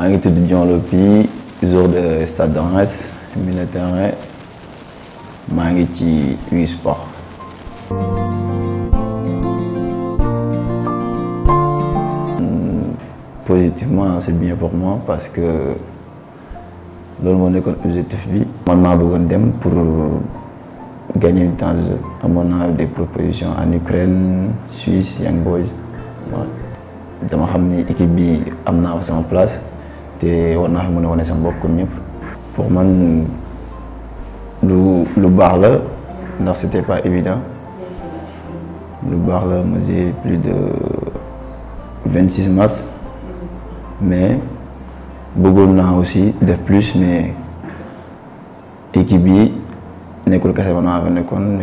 maa ngi tudd Dion Lopy de Stade de Reims de terrain maa ngi ci Wii Sport. positivement c'est bien pour moi parce que loolu moo nekkoon objectif bi. man maa bëggoon dem pour gagner une temps de jeu amoon des propositions en Ukraine Suisse Young Boys dama xam ni équipe bi am naa fa sama place. Et war a sama de pour moi, le bar baax c'était pas évident Le baax la ma plus de 26 matchs mais bëggoon aussi de plus mais équipe yi nekkul la ba naa fa nekkoon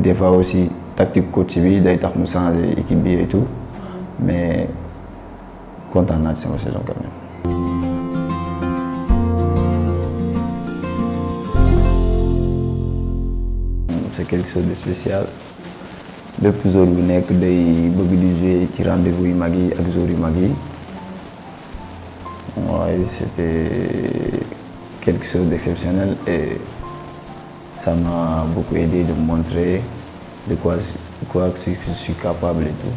des fois aussi tactique coach bi day tax équipe et tout mais kontaan naa ci sama vous quand même. c'est quelque chose de spécial de plus je suis day bëgg di jouer rendez-vous Imagi à yi Ouais, c'était quelque chose d'exceptionnel et ça m'a beaucoup aidé de montrer de quoi de quoi je suis capable et tout.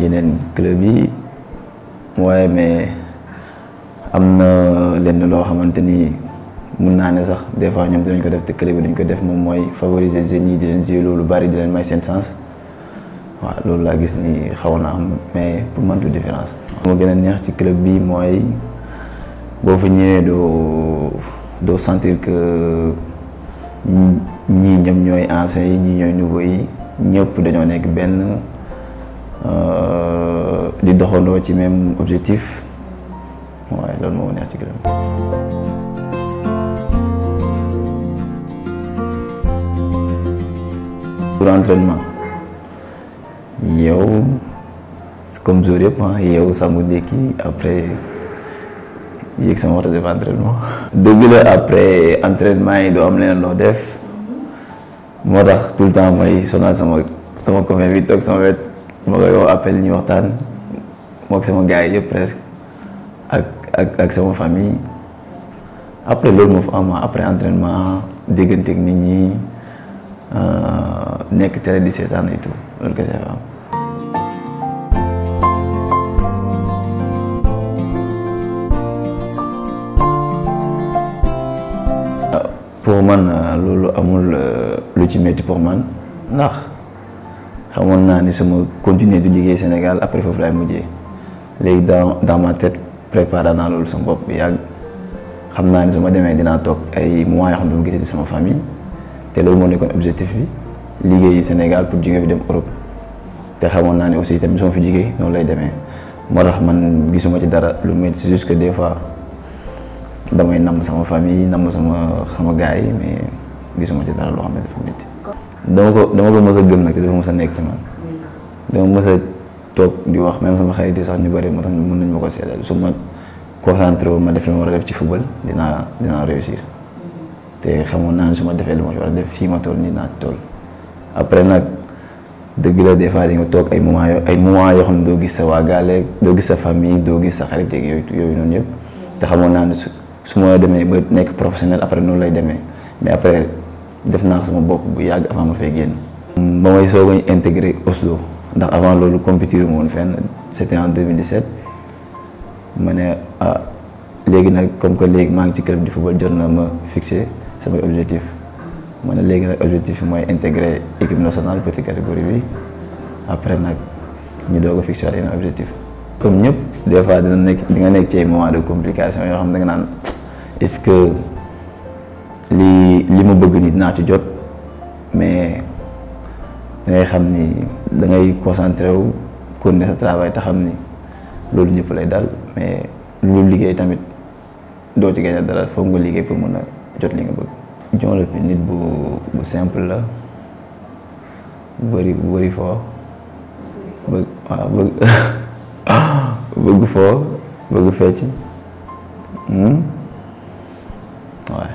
yeneen club yi waaye mais am na lenn loo xamante ni mun naa ne sax des fois ñoom dinañ ko def te club yi dañ ko def moom mooy favoriser jeunes yi di leen jouer loolu bari di leen may seen sens waaw loolu laa gis ni xaw na am mais pour man du différence. moo gën a neex ci club bi mooy boo fa ñëwee doo doo sentir que ñii ñoom ñooy anciens yi ñii ñooy nouveaux yi ñëpp dañoo nekk benn. Euh, di doxandoo ci même objectif pour l'entraînement, comme je réponds, il yow a après l'entraînement, il entraînement. dëgg l'entraînement, après entraînement tout le temps en ma koy woo appel ñu waxtaan mook sama gars yëpp presque ak ak ak sama famille après loolu moo fa am après entraînement déggante ak nit ñi euh, nekk télé di seetaan et tout loolu kese fa am. Euh, pour man euh, loolu amul lu ci métti pour man ndax. xamoon naa ni sama continuer du liggéey Sénégal après foofu laay mujjee léegi daa dans ma tête préparé naa loolu sama bopp yàgg xam naa ni su ma demee dinaa toog ay mois yoo xam ne sama famille te loolu moo nekkoon objectif bi liggéey Sénégal pour jóge fi dem te xamoon naa ni aussi tamit fi jógee noonu lay demee moo tax man gisuma ci dara lu mel c'est des fois damay nam sama famille namm sama sama gars yi mais gisuma ci dara loo xam ne dafa métti dama ko dama ko mës gëm nag te dafa mës nekk ci man dama mës toog di wax même sama xarit yi sax ñu bëri moo tax mën nañu ma ko seedal su ma concentré wu ma def li ma war a def ci football dinaa dinaa réussir te xamoon naa su ma defee li ma war a def fii ma tool nii naa tool après nag dëgg la des fois di nga toog ay moment yoo ay moment yoo xam ne doo gis sa waa gaale doo gis sa famille doo gis sa xarit yeeg yooyu yooyu noonu yëpp te xamoon naa ne su su ma demee ba nekk professionnel après noonu lay demee mais après. def naa sama bopp bu yag avant ma fay guen ba may soog a intégrer Oslo ndax avant loolu compétir mon fenn c'était en 2017 ma ne ah comme que légui mang ci club di football jot ma fixer sama objectif ma légui nak objectif moy intégrer équipe nationale petite catégorie bi après nak ñu dogo fixer fixé objectif. comme ñep des fois dina nek di nga nek ci ay moment de complication yo xam nga nan est-ce que. li li ma bëgg ni dinaa ci jot mais da ngay xam ni da ngay concentré wu continuer sa travail te xam ni loolu ñëpp lay dal mais lu liggéey tamit doo ci gañe dara foog nga liggéey pour mën a jot li nga bëgg. John Lopy nit bu bu simple la bu bëri bu bëri foo bëgg waaw bëgg bëgg foo bëgg fecc waaye.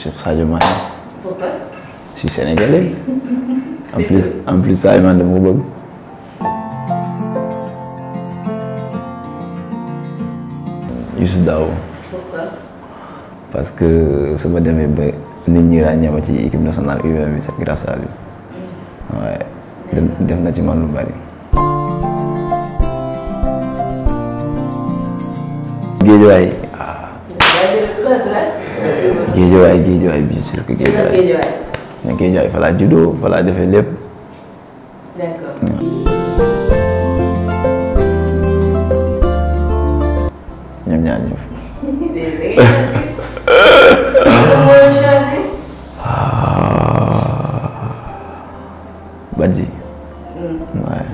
Cheikh Sadio Mané. Pourquoi Je suis sénégalais. en, plus, en plus, ça émane de mon blog. Youssou Dao. Pourquoi Parce que ce m'a donné nit ñi ràññee ma ci équipe nationale u grâce à lui. waaye dem dem na ci man lu bari. géej waay géejawaay géejawaay bien sûr que géejawaay mais géejawaay fa laa juddoo fa laa defee lépp. d'accord. ñoom ñaar ñëpp. Badji. waaye.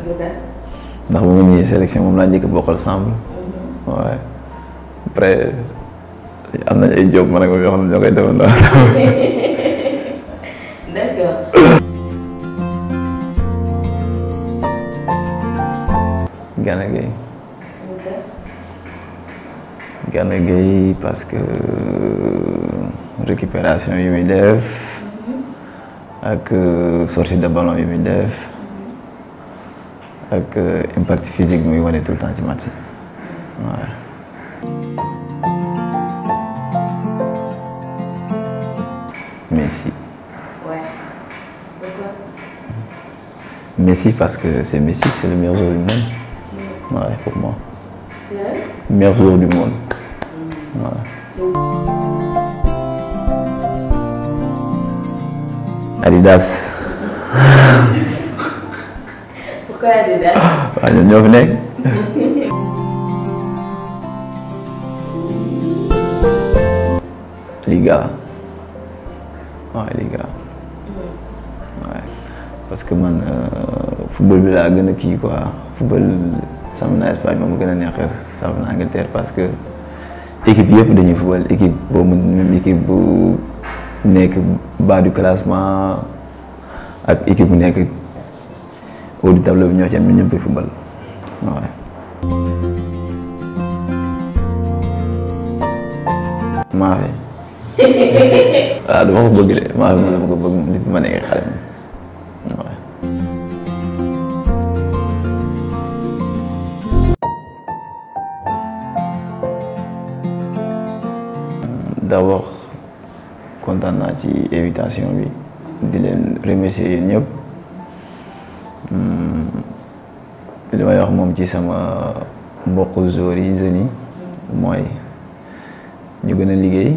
ndax bu ma ke sélection moom laa njëkk bokkal après. am nañ ay job man ak moom yoo xam ne ñoo koy defandoo. d'accord. parce que euh, récupération yi muy def mm-hmm. ak euh, sortie de ballon yi muy def mm-hmm. ak euh, impact physique muy wane tout temps ci match yi waaw. Mm-hmm. Messi. Ouais. Pourquoi Messi parce que c'est Messi, c'est le meilleur jour du monde. Ouais, pour moi. C'est vrai Meilleur jour du monde. Voilà. Hmm. Adidas. Pourquoi Adidas Ah, ñoo fi Les Liga. waaw les gars waaw parce que man euh, football bi laa gën a kii quoi football sam na Espagne moom gën a neex sam na Angleterre parce que équipe yëpp dañuy football équipe boobu même équipe bu nekk bas du classement ak équipe bu nekk haut du tableau bi ñoo ci am ñun football waaw. waaw ah, dama ko bëgg de maa ngi dama ko bëgg nit ma nekk xale moom d'abord kontaan naa ci invitation bi di leen remercier yéen ñëpp hmm. li wax moom ci sama mbokku joueurs yi jeunes mooy ñu gën a liggéey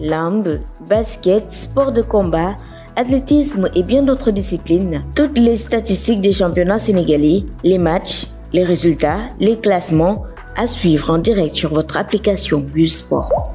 lambe, basket, sport de combat, athlétisme et bien d'autres disciplines, toutes les statistiques des championnats sénégalais, les matchs, les résultats, les classements à suivre en direct sur votre application Busport.